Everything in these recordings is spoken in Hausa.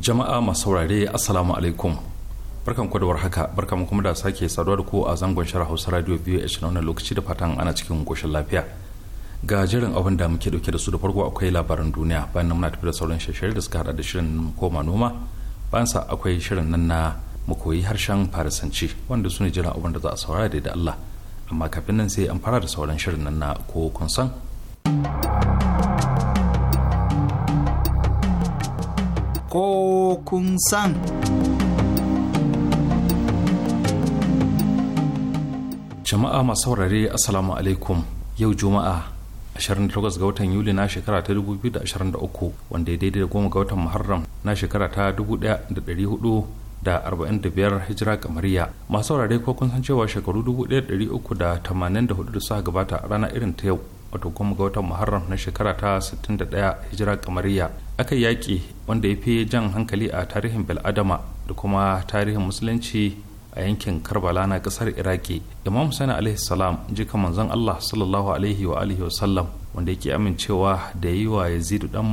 jama'a masu saurare assalamu alaikum barkan ku haka warhaka barkan mu kuma da sake saduwa da ku a zangon shara hausa radio biyu a wannan lokaci da fatan ana cikin koshin lafiya ga jirin abin da muke dauke da su da farko akwai labaran duniya bayan nan muna tafi da sauran shirye da suka hada da shirin koma noma bayan sa akwai shirin nan na mu koyi harshen farisanci wanda su ne jiran abin da za a saurara da Allah amma kafin nan sai an fara da sauran shirin nan na ko kun san ko kun san. Jama'a masu saurare Assalamu alaikum yau Juma'a 28 ga watan Yuli na shekara ta 2023 wanda ya daidai da goma ga watan Muharram na shekara ta 1400 da biyar hijira kamariya masu saurare ko kun san cewa shekaru 1384 da suka gabata a rana irin ta yau wato kuma ga watan muharram na shekara ta 61 hijira kamariya aka yaƙi wanda ya fi jan hankali a tarihin bil'adama da kuma tarihin musulunci a yankin karbala na ƙasar iraki imam sani alaihi salam jika manzon allah sallallahu alaihi wa alihi wasallam wanda yake amincewa da yi wa yazidu dan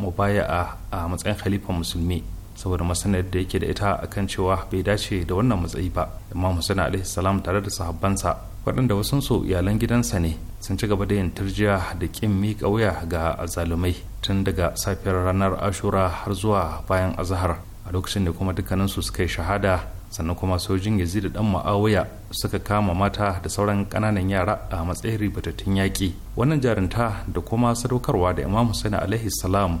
mu baya a matsayin khalifa musulmi saboda masanar da yake da ita akan cewa bai dace da wannan matsayi ba imam sani alaihi salam tare da sahabbansa waɗanda wasu su iyalan gidansa ne sun ci gaba da yin turjiya da ƙin miƙa wuya ga azalumai tun daga safiyar ranar ashura har zuwa bayan azahar a lokacin da kuma dukkaninsu suka yi shahada sannan kuma sojin yazid da dan ma'awuya suka kama mata da sauran kananan yara a matsayin ribatattun yaƙi wannan jarinta da kuma sadaukarwa da imam husaini alaihi salam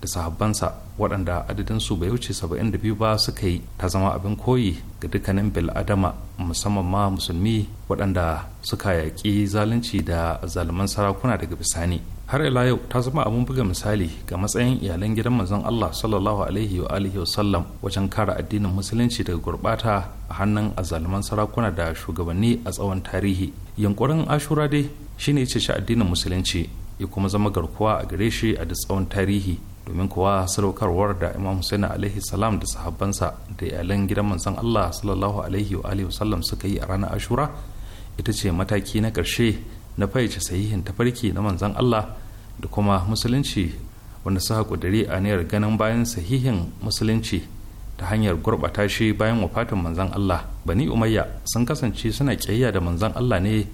da sahabbansa waɗanda adadinsu bai wuce biyu ba suka yi ta zama abin koyi ga dukkanin bil'adama musamman ma musulmi waɗanda suka yaƙi zalunci da zaluman sarakuna daga bisani har ila yau ta zama abin buga misali ga matsayin iyalan gidan manzon Allah sallallahu alaihi wa alihi wa sallam wajen kare addinin musulunci daga gurbata a hannun azalman sarakuna da shugabanni a tsawon tarihi yankurin ashura dai shine yace shi addinin musulunci ya kuma zama garkuwa a gare shi a da tsawon tarihi domin kuwa sadaukarwar da imam husaini alaihi salam da sahabbansa da iyalan gidan manzon Allah sallallahu alaihi wa alihi wa sallam suka yi a ranar ashura ita ce mataki na ƙarshe na faice sahihin tafarki na manzon Allah da kuma musulunci wanda suka kudiri niyyar ganin bayan sahihin musulunci ta hanyar gurɓata shi bayan wafatin manzon Allah bani umayya sun kasance suna kiyayya da manzon Allah ne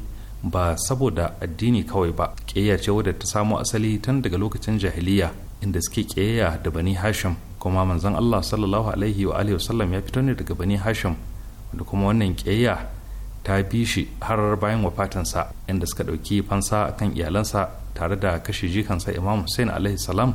ba saboda addini kawai ba kiyayya ce wadda ta samo asali tun daga lokacin jahiliya inda suke kiyayya da bani hashim kuma manzon Allah sallallahu alaihi wa alihi wasallam ya fito ne daga bani hashim da kuma wannan kiyayya ta bi shi har bayan wafatansa inda suka ɗauki fansa kan iyalansa tare da kashe jikansa imam hussein alaihi salam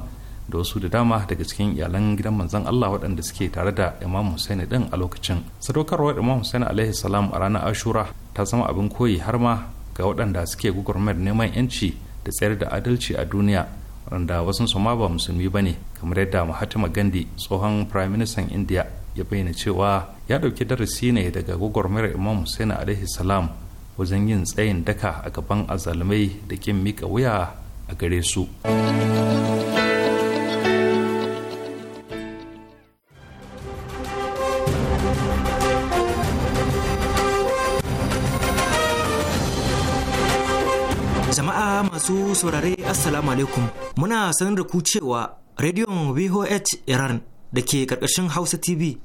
da wasu da dama daga cikin iyalan gidan manzon Allah waɗanda suke tare da Imam Hussein ɗin a lokacin. Sadaukarwar Imam Hussein alaihi salam a ranar Ashura ta zama abin koyi har ma ga waɗanda suke gugurmar neman yanci da tsayar da adalci a duniya waɗanda wasu su ma ba musulmi ne kamar yadda Mahatma Gandhi tsohon Prime Minister India ya bayyana cewa ya ɗauki darasi ne daga gwagwarmayar imam hussein alaihi salam wajen yin tsayin daka a gaban azalmai da kin mika wuya a gare su jama'a masu saurare assalamu alaikum muna sanar da ku cewa rediyon vhh iran da ke karkashin hausa tv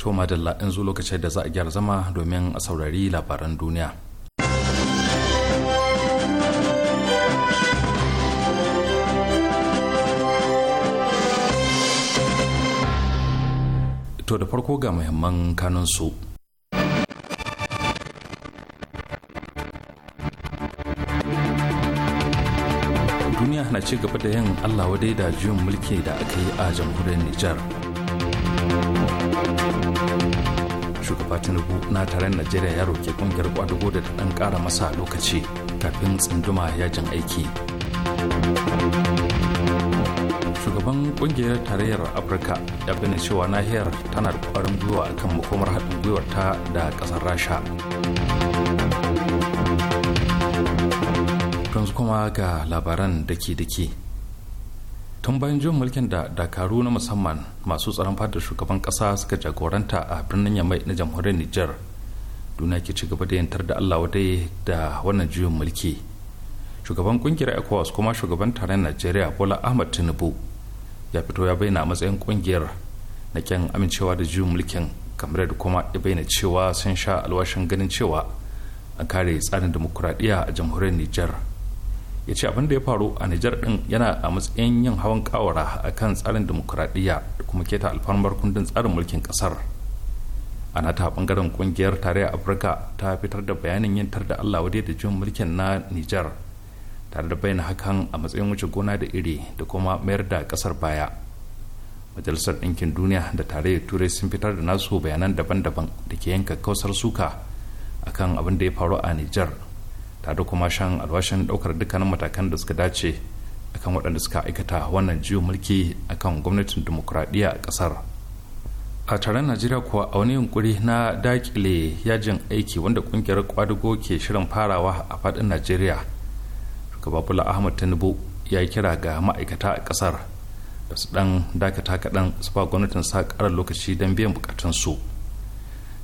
to madalla in zo lokacin da za a gyara zama domin a saurari labaran duniya to da farko ga muhimman kanunsu duniya na ci gaba da yin allah wadai da juyin mulki da aka yi a jamhuriyar nijar shugaba tinubu na taron najeriya ya roke ƙungiyar kwadago da ta ɗan ƙara masa lokaci kafin tsunduma yajin aiki shugaban ƙungiyar tarayyar afirka ya bane cewa nahiyar tana da kwarin gwiwa kan makomar haɗin gwiwar ta da ƙasar rasha yanzu kuma ga labaran daki-daki. tun bayan jin mulkin da dakaru na musamman masu tsaron fadar shugaban kasa suka jagoranta a birnin yamai na jamhuriyar niger duniya ke ci gaba da yantar da allah wadai da wannan juyin mulki shugaban kungiyar ecowas kuma shugaban taron nigeria bola ahmad tinubu ya fito ya bayyana matsayin kungiyar na kyan amincewa da juyin mulkin kamar da kuma ya bayyana cewa sun sha alwashin ganin cewa an kare tsarin dimokuraɗiyya a jamhuriyar niger ya ce abin da ya faru a nijar din yana a matsayin yin hawan kawara a kan tsarin demokuraɗiyya da kuma keta alfarmar kundin tsarin mulkin ƙasar a ta bangaren kungiyar tarayya afirka ta fitar da bayanin yin tar da allah wadai da jin mulkin na nijar tare da bayyana hakan a matsayin wuce gona da iri da kuma mayar da ƙasar baya majalisar ɗinkin duniya da tarayyar turai sun fitar da nasu bayanan daban-daban da ke yanka kausar suka akan abin da ya faru a nijar tare kuma shan alwashin ɗaukar dukkanin matakan da suka dace akan waɗanda suka aikata wannan jiyo mulki akan gwamnatin demokuraɗiyya a ƙasar a taron najeriya kuwa a wani yunkuri na dakile yajin aiki wanda ƙungiyar kwadugo ke shirin farawa a faɗin najeriya shugaba ahmad tinubu ya kira ga ma'aikata a ƙasar da su ɗan dakata kaɗan su ba gwamnatin sa ƙarar lokaci don biyan buƙatunsu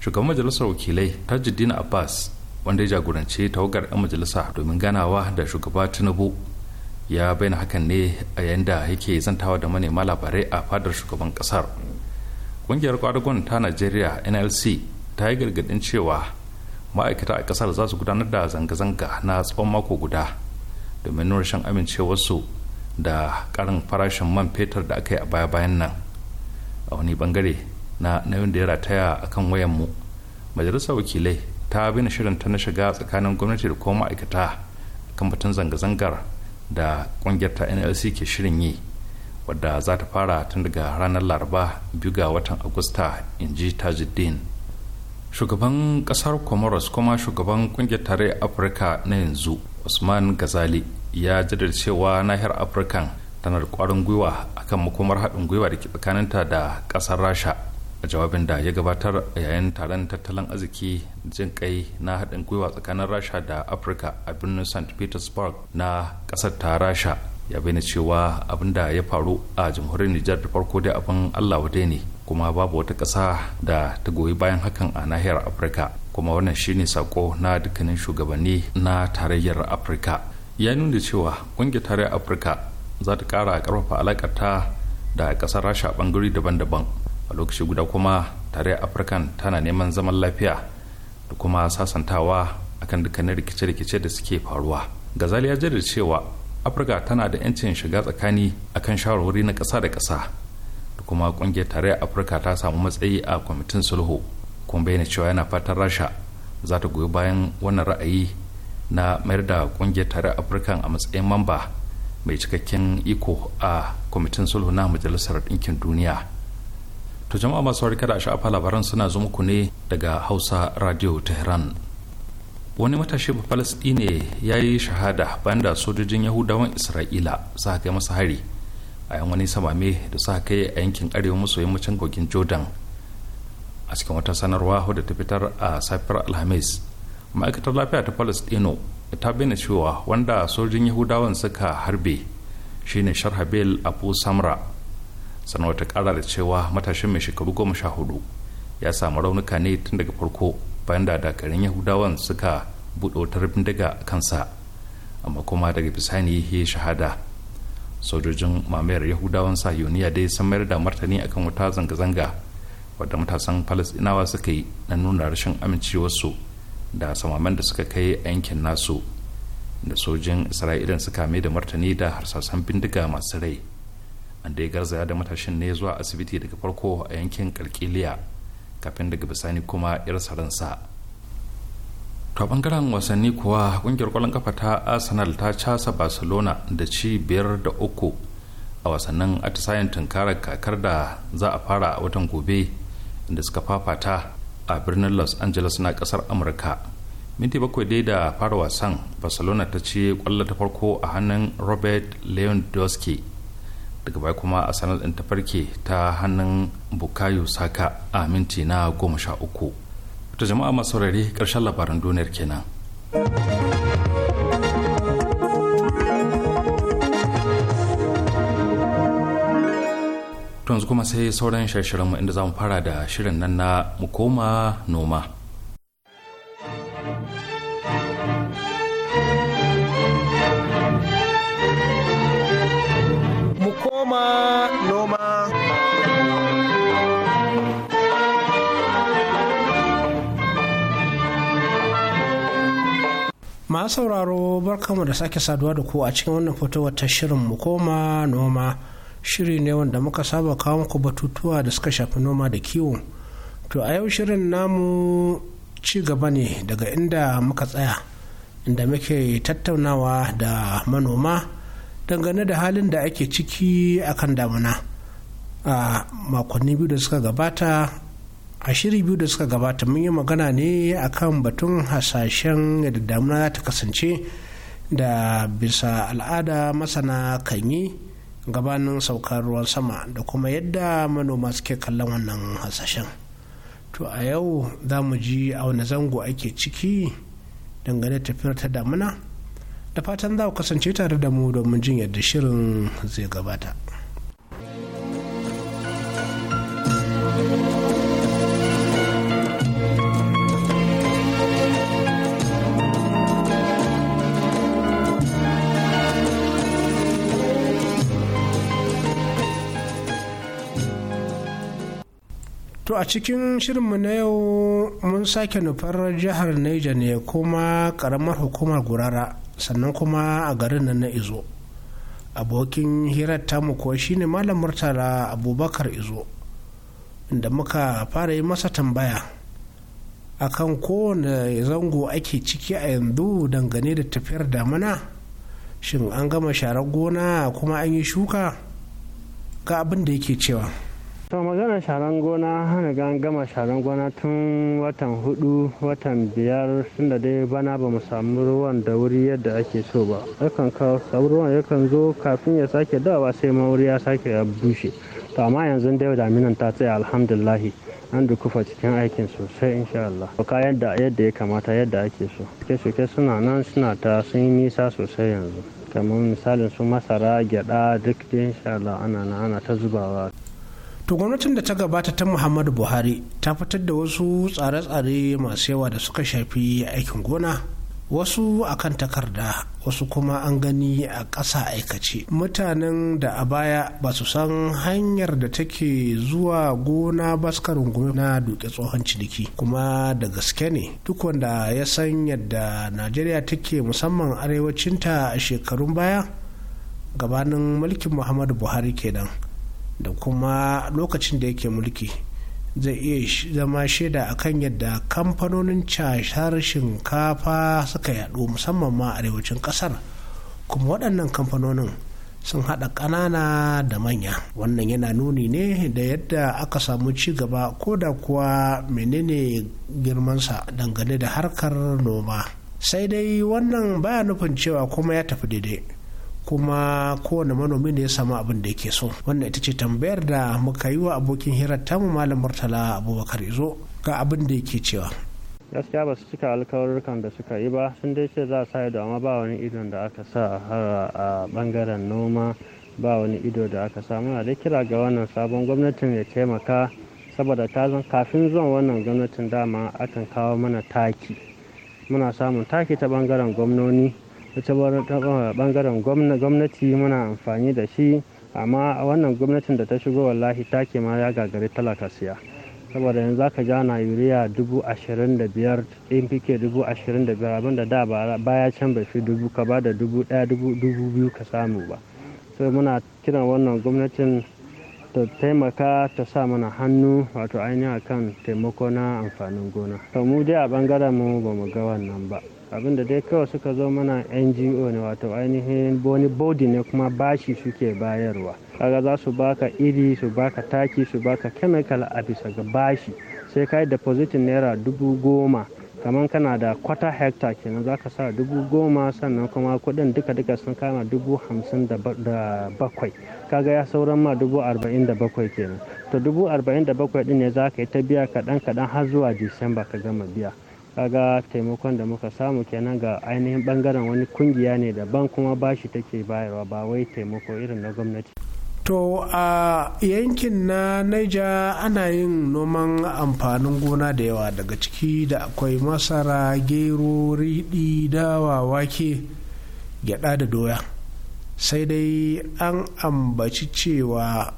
shugaban majalisar wakilai tajuddin abbas wanda ya jagoranci tawagar 'yan majalisa domin ganawa da shugaba tinubu ya bayyana hakan ne a yayin da yake zantawa da manema labarai a fadar shugaban kasar ƙungiyar kwadagon ta najeriya nlc ta yi gargadin cewa ma'aikata a kasar za su gudanar da zanga-zanga na tsawon mako guda domin nuna shan amincewarsu da karin farashin man fetur da aka yi a baya-bayan nan a wani bangare na nauyin da ya rataya akan wayanmu majalisar wakilai ta bina shirinta na shiga tsakanin gwamnati da kuma ma'aikata kan batun zanga-zangar da kungiyar ta nlc ke shirin yi wadda za ta fara tun daga ranar laraba biyu ga watan agusta in ji tajuddin shugaban kasar comoros kuma shugaban kungiyar tarayyar afirka na yanzu usman gazali ya jaddada cewa nahiyar afirkan tana da kwarin gwiwa akan makomar haɗin gwiwa da ke tsakaninta da ƙasar rasha a jawabin da ya gabatar a yayin taron tattalin arziki jin kai na haɗin gwiwa tsakanin rasha da afirka a birnin st petersburg na ƙasar ta rasha ya bayyana cewa abin da ya faru a jamhuriyar nijar da farko dai abin allah wa ne kuma babu wata ƙasa da ta goyi bayan hakan a nahiyar afirka kuma wannan shine sako na dukkanin shugabanni na tarayyar afirka ya nuna cewa ƙungiyar tarayyar afirka za ta ƙara ƙarfafa alaƙarta da ƙasar rasha a ɓangare daban-daban a lokaci guda kuma tare afirkan tana neman zaman lafiya da kuma sasantawa akan dukkanin rikice-rikice da suke faruwa gazali ya jaddada cewa afirka tana da 'yancin shiga tsakani akan shawarwari na ƙasa da ƙasa da kuma ƙungiyar tarayyar afirka ta samu matsayi a kwamitin sulhu kuma bayyana cewa yana fatan rasha za ta goyi bayan wannan ra'ayi na mayar da ƙungiyar tarayyar afirka a matsayin mamba mai cikakken iko a kwamitin sulhu na majalisar ɗinkin duniya to jama'a masu warkar da sha'afa labaran suna zo muku ne daga hausa radio tehran wani matashi ba ne ya yi shahada bayan da sojojin yahudawan isra'ila suka kai masa hari a yan wani samame da sa kai a yankin arewa maso yammacin gogin jordan a cikin wata sanarwa wadda ta fitar a safiyar alhamis ma'aikatar lafiya ta palestino ta bayyana cewa wanda sojojin yahudawan suka harbe shine sharhabel abu samra sannan ta kara da cewa matashin mai shekaru goma sha hudu ya samu raunuka ne tun daga farko bayan da dakarun yahudawan suka buɗe wutar bindiga kansa amma kuma daga bisani ya shahada sojojin mamayar yahudawan sa sahiyoniya dai sun mayar da martani akan wata zanga-zanga wadda matasan falastinawa suka yi na nuna rashin amincewarsu da samaman da suka kai a yankin nasu da sojin isra'ilan suka mai da martani da harsasan bindiga masu rai da ya garzaya da matashin ne zuwa asibiti daga farko a yankin kalkiliya kafin daga bisani kuma irsa ransa ta bangaren wasanni kuwa kungiyar kwallon kafa ta arsenal ta casa barcelona da ci biyar da uku a wasannin atisayen tunkarar kakar da za a fara a watan gobe da suka fafata a birnin los angeles na kasar amurka minti bakwai dai da fara wasan barcelona ta ci kwallo ta farko a hannun robert lewandowski daga baya kuma a sanar ɗin tafarke ta hannun bukayo saka a minti na goma sha uku ta jama'a masu saurari ƙarshen labaran duniyar kenan yanzu kuma sai sauran shirin mu inda za mu fara da shirin nan na mu koma noma masu sauraro barkamu da sake saduwa da ku a cikin wannan fitowar ta shirin mu koma noma shiri ne wanda muka saba kawo muku batutuwa da suka shafi noma da kiwo to a yau shirin namu ci gaba ne daga inda muka tsaya inda muke tattaunawa da manoma dangane da halin da ake ciki akan damuna a makonni biyu da suka gabata a shiri biyu da suka gabata mun yi magana ne akan batun hasashen da damuna ta kasance da bisa al'ada masana kan yi gabanin saukar ruwan sama da kuma yadda manoma suke kallon wannan hasashen to a yau za mu ji a wani zango ake ciki dangane tafiyar ta damuna da fatan za ku kasance tare da mu domin jin yadda shirin zai gabata. thank you To a cikin shirinmu na yau mun sake nufar jihar Neja ne kuma karamar hukumar gurara sannan kuma a garin nan na Izo. Abokin hirar tamu ko shine Malam Murtala Abubakar Izo inda muka fara yi masa tambaya akan kowane zango ake ciki a yanzu dangane da tafiyar damana shin an gama sharar gona kuma an yi shuka ga abin da yake cewa. to magana sharan gona hana gan gama sharan gona tun watan hudu watan biyar tunda dai bana ba mu samu ruwan da wuri yadda ake so ba yakan kawo ruwan yakan zo kafin ya sake dawa sai ma wuri ya sake ya bushe to amma yanzu dai daminan ta tsaya alhamdulillahi an dukufa cikin aikin sosai insha Allah ka yadda yadda ya kamata yadda ake so shuke-shuke suna nan suna ta sun yi nisa sosai yanzu kamar misalin su masara gyada duk da insha Allah ana ta zubawa to gwamnatin da ta gabata ta muhammadu buhari ta fitar da wasu tsare-tsare masu yawa da suka shafi aikin gona wasu a kan takarda wasu kuma an gani a ƙasa aikace mutanen da a baya ba su san hanyar da take zuwa gona baskarin rungume na duke tsohon ciniki kuma da gaske ne duk wanda ya san yadda najeriya take musamman arewacinta a shekarun baya gabanin mulkin muhammadu buhari kenan da kuma lokacin da yake mulki zai iya zama shaida a kan yadda kamfanonin cashar shinkafa suka yaɗu musamman ma arewacin ƙasar kuma waɗannan kamfanonin sun haɗa ƙanana da manya wannan yana nuni ne da yadda aka samu ci gaba ko da kuwa menene girmansa dangane da harkar noma sai dai wannan baya nufin cewa kuma ya tafi daidai kuma kowane manomi ne ya samu abin da yake so wannan ita ce tambayar da muka yi wa abokin hirar tamu malam murtala abubakar izo ga abin da yake cewa gaskiya ba su cika alkawarurkan da suka yi ba sun dai ce za a sa ido amma ba wani ido da aka sa a bangaren noma ba wani ido da aka sa muna da kira ga wannan sabon gwamnatin ya taimaka saboda ta zan kafin zuwan wannan gwamnatin dama akan kawo mana taki muna samun taki ta bangaren gwamnoni ta bangaren gwamnati muna amfani da shi amma wannan gwamnatin da ta shigo wallahi ta ke ma ya gagari talaka siya saboda yanzu aka ja na yuriya dubu ashirin da biyar npk dubu da biyar abinda da baya can bai fi dubu ka ba da dubu daya dubu biyu ka samu ba sai muna kiran wannan gwamnatin ta taimaka ta sa mana hannu wato ainihin kan taimako na amfanin gona to mu dai a bangaren mu ba mu ga wannan ba abinda dai kawai suka zo mana ngo ne wato ainihin boni body ne kuma bashi suke bayarwa kaga za su baka iri su baka taki su baka chemical a bisa ga bashi sai ka yi depositin naira dubu goma kamar kana da kwata hekta kenan za ka sa dubu goma sannan kuma kudin duka duka sun kama dubu hamsin da bakwai kaga ya sauran ma dubu arba'in da bakwai kenan to dubu arba'in da bakwai din ne za ka yi ta biya kaɗan kaɗan har zuwa disamba ka gama biya kaga taimakon da muka samu kenan ga ainihin bangaren wani kungiya ne daban kuma bashi take bayarwa ba wai taimako irin na gwamnati to a yankin na naija ana yin noman amfanin gona da yawa daga ciki da akwai masara gero riɗi dawa wake gyada da doya sai dai an ambaci cewa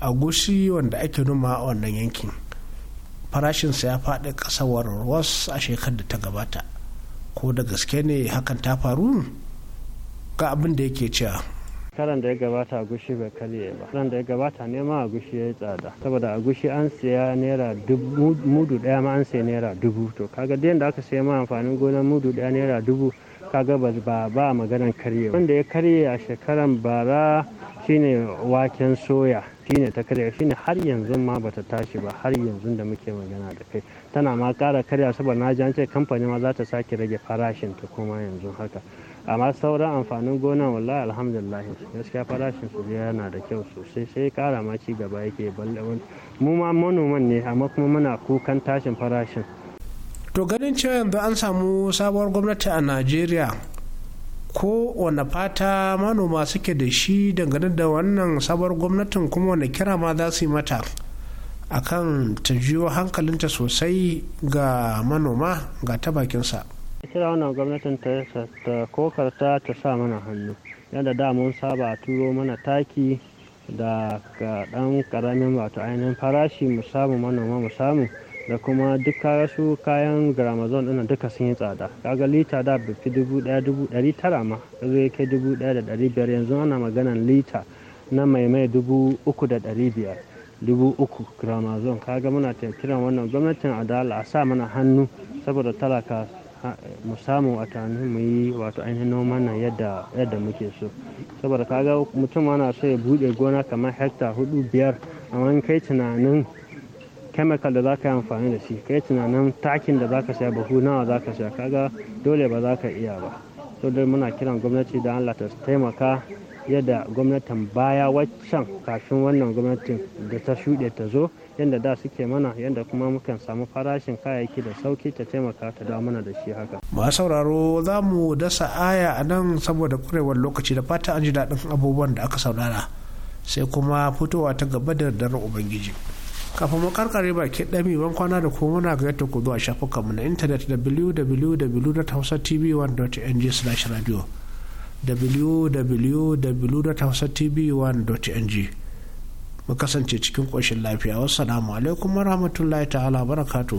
agushi wanda ake noma a wannan yankin farashinsa ya faɗi ƙasawar ross a shekar da ta gabata ko da gaske ne hakan ta faru ga abin da yake cewa karan da ya gabata a gushi bai karye ba karan da ya gabata nema a gushi ya yi tsada saboda a gushi an siya naira mudu daya ma an siya naira dubu to kaga da aka siya ma amfanin gonar mudu daya naira dubu kaga ba ba maganan karye wanda ya karye a shekaran bara shine waken soya shine ta karya shine har yanzu ma bata tashi ba har yanzu da muke magana da kai tana ma kara karya saboda na ji an ce kamfani ma za ta sake rage farashin ta kuma yanzu haka amma sauran amfanin gona wallahi alhamdulillah gaskiya farashin su yana da kyau sosai sai kara ma ci gaba yake balle mu ma manoman ne amma kuma muna kukan tashin farashin to ganin cewa yanzu an samu sabuwar gwamnati a najeriya ko wane fata manoma suke da shi dangane da wannan sabar gwamnatin kuma wane kira ma za su yi mata akan ta jiyo hankalinta sosai ga manoma ga ta bakinsa kira wannan gwamnatin ta kokarta ta sa mana hannu yadda da mun saba a turo mana taki da dan karamin wato ainihin farashi mu samu manoma mu samu da kuma duk kaya su kayan gramazon ɗin duka sun yi tsada kaga lita da bai dubu ɗaya dubu ɗari tara ma zo kai dubu ɗaya da ɗari biyar yanzu ana maganan lita na maimai dubu uku da ɗari biyar dubu uku gramazon kaga muna kiran wannan gwamnatin adala a sa mana hannu saboda talaka mu samu tani mu yi wato ainihin noman nan yadda yadda muke so saboda kaga mutum ana so ya buɗe gona kamar hekta hudu biyar amma kai tunanin chemical da zaka yi amfani da shi kai tunanin takin da zaka sha buhu nawa ka sha kaga dole ba zaka iya ba so dai muna kiran gwamnati da Allah ta taimaka yadda gwamnatin baya waccan kafin wannan gwamnatin da ta shuɗe ta zo yadda da suke mana yadda kuma mukan samu farashin kayayyaki da sauki ta taimaka ta da mana da shi haka. Ma sauraro za mu dasa aya a nan saboda kurewar lokaci da fata an ji daɗin abubuwan da aka saurara sai kuma fitowa ta gaba da daren Ubangiji. kafa makarkar riba ke dami ban kwana da kuma muna gayyata ku zuwa shafukanmu na intanet www.hausatv1.ng/radio www.hausatv1.ng mu kasance cikin ƙoshin lafiya wassalamu alaikum warahmatullahi ta'ala barakatu.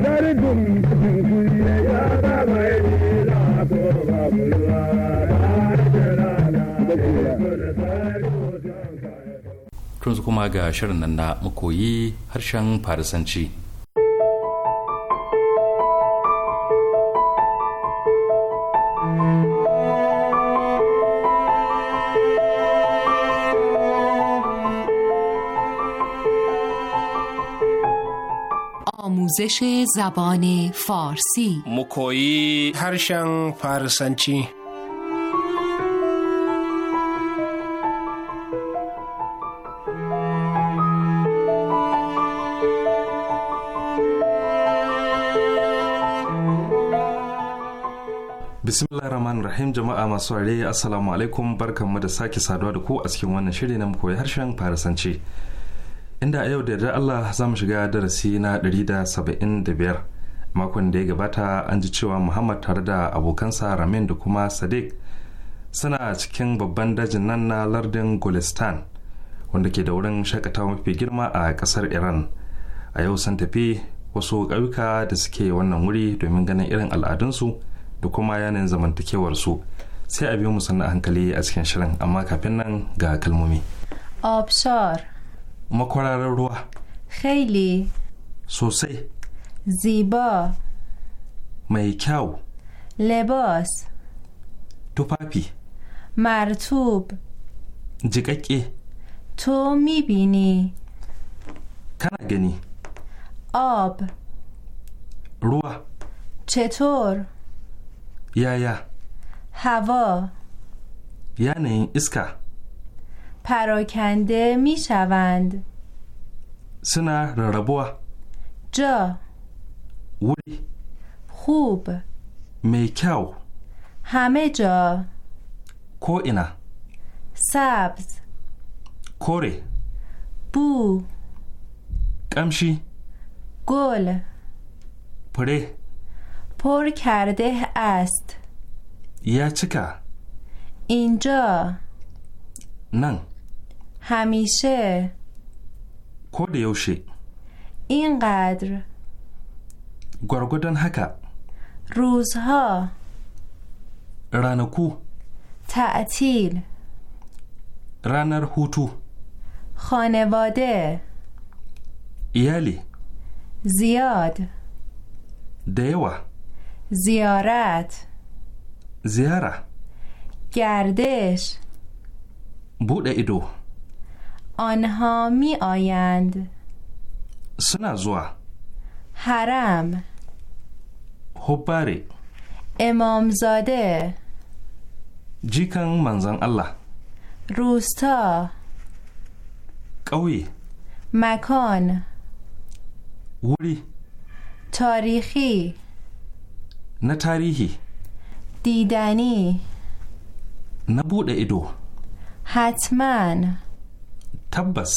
Dari dum dum kuye ya baba ya la ko ba mulwa to kuma ga shirin nan na makoyi harshen farisanci آموزش زبان فارسی مکویی هرشن فارسنچی Ibrahim jama'a masu ware assalamu alaikum barkanmu da sake saduwa da ku a cikin wannan shiri na koyi harshen farasanci. Inda a yau da yarda Allah za mu shiga darasi na 175 makon da ya gabata an ji cewa Muhammad tare da abokansa Ramin da kuma Sadiq suna cikin babban dajin nan na lardin Gulistan wanda ke da wurin shakatawa mafi girma a kasar Iran. A yau sun tafi wasu ƙauyuka da suke wannan wuri domin ganin irin al'adunsu da kuma yanayin zamantakewar su sai a biyo mu sannan hankali a cikin shirin amma kafin nan ga kalmomi Absor. makwararren ruwa haile sosai ziba mai kyau lebos tufafi martub jikakke tomi bini kana gani ob ruwa chetor یایا هوا یعنی اسکا پراکنده می شوند سنا رربوا جا وری خوب میکاو همه جا کو اینا سبز کره بو کمشی گل پره پر کرده است یا چکا اینجا نن همیشه کود یوشی اینقدر گرگودن هکا روزها رانکو تعطیل رانر هوتو خانواده ایالی زیاد دیوه زیارت زیاره گردش بوده ایدو آنها می آیند سنازوا حرم حباری امامزاده جیکن منزن الله روستا قوی مکان وری تاریخی نه تاریحی دیدنی نبود ایدو حتما تبس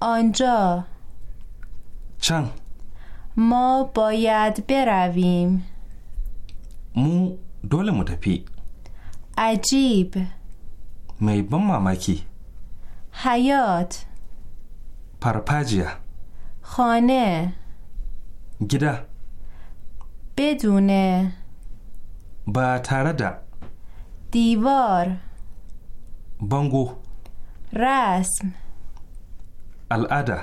آنجا چند ما باید برویم مو دول متپی عجیب میبن مامکی حیات پرپاجیا خانه گده بدونه با دیوار بانگو رسم العاده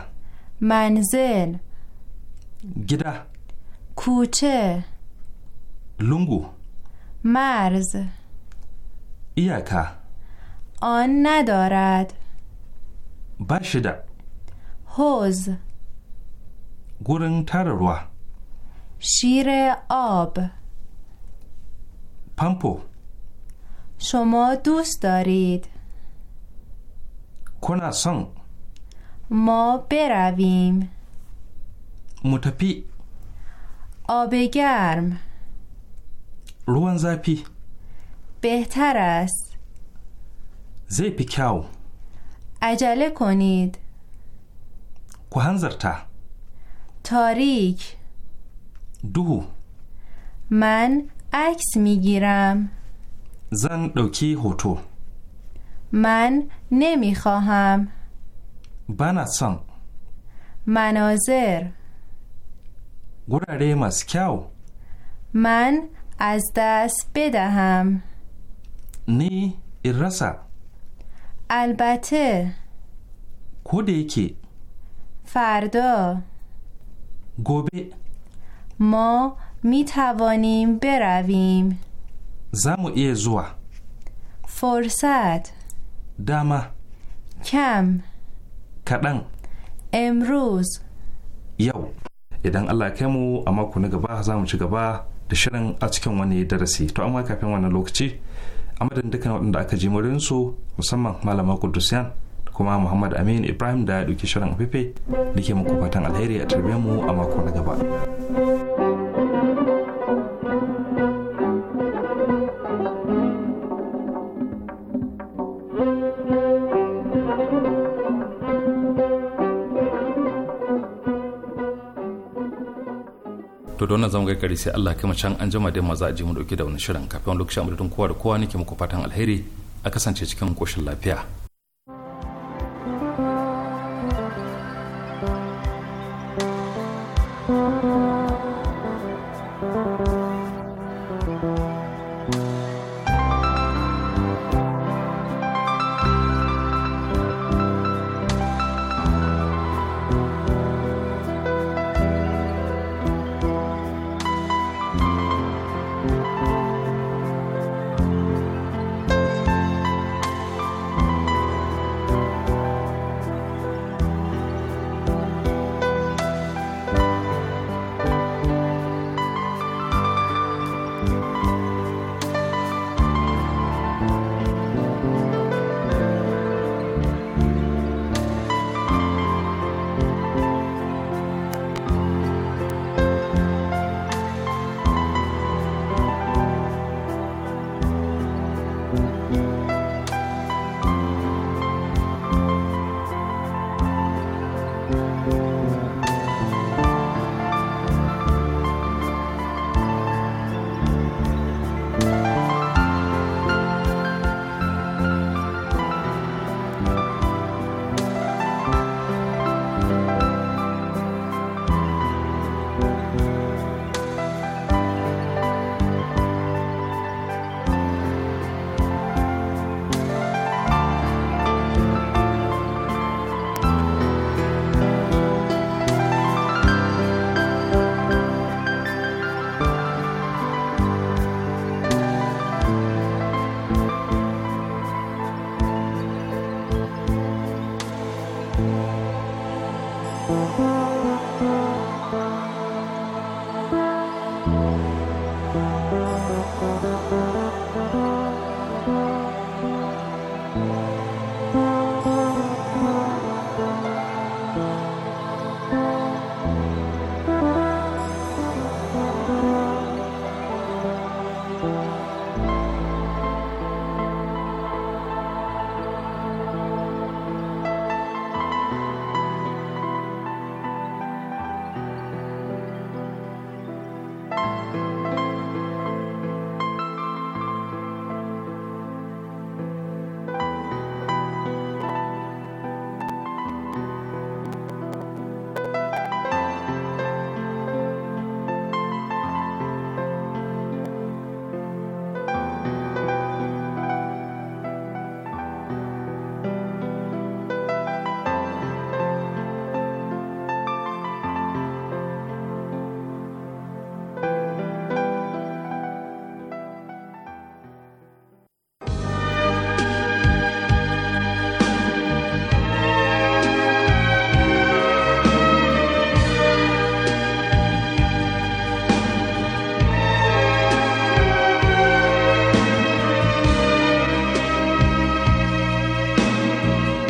منزل گدا کوچه لونگو مرز ایاکا آن ندارد باشده حوز گورن تر شیر آب پمپو شما دوست دارید کناسان ما برویم متپی آب گرم روان زپی بهتر است زیپی کاو عجله کنید کوهنزرتا تاریک دو من عکس میگیرم زن دوکی هوتو من نمیخواهم بناسان مناظر گراره مسکو من از دست بدهم نی ارسا البته کدیکی فردا گوبه ما می توانیم برویم زمو ای زوا فرصت داما کم کدن امروز یو idan Allah ya mu a mako na gaba za mu ci gaba da shirin a cikin wani darasi to amma kafin wannan lokaci a madadin dukkan waɗanda aka ji murinsu musamman malama kudusiyan kuma muhammad amin ibrahim da ya ɗauki shirin afefe da ke muku fatan alheri a tarbe mu a mako na gaba. to don zama gaggari sai Allah kai can an jima da maza a ji mu dauke da wani shirin kafin lokacin amudin kowa da kowa nake muku fatan alheri a kasance cikin koshin lafiya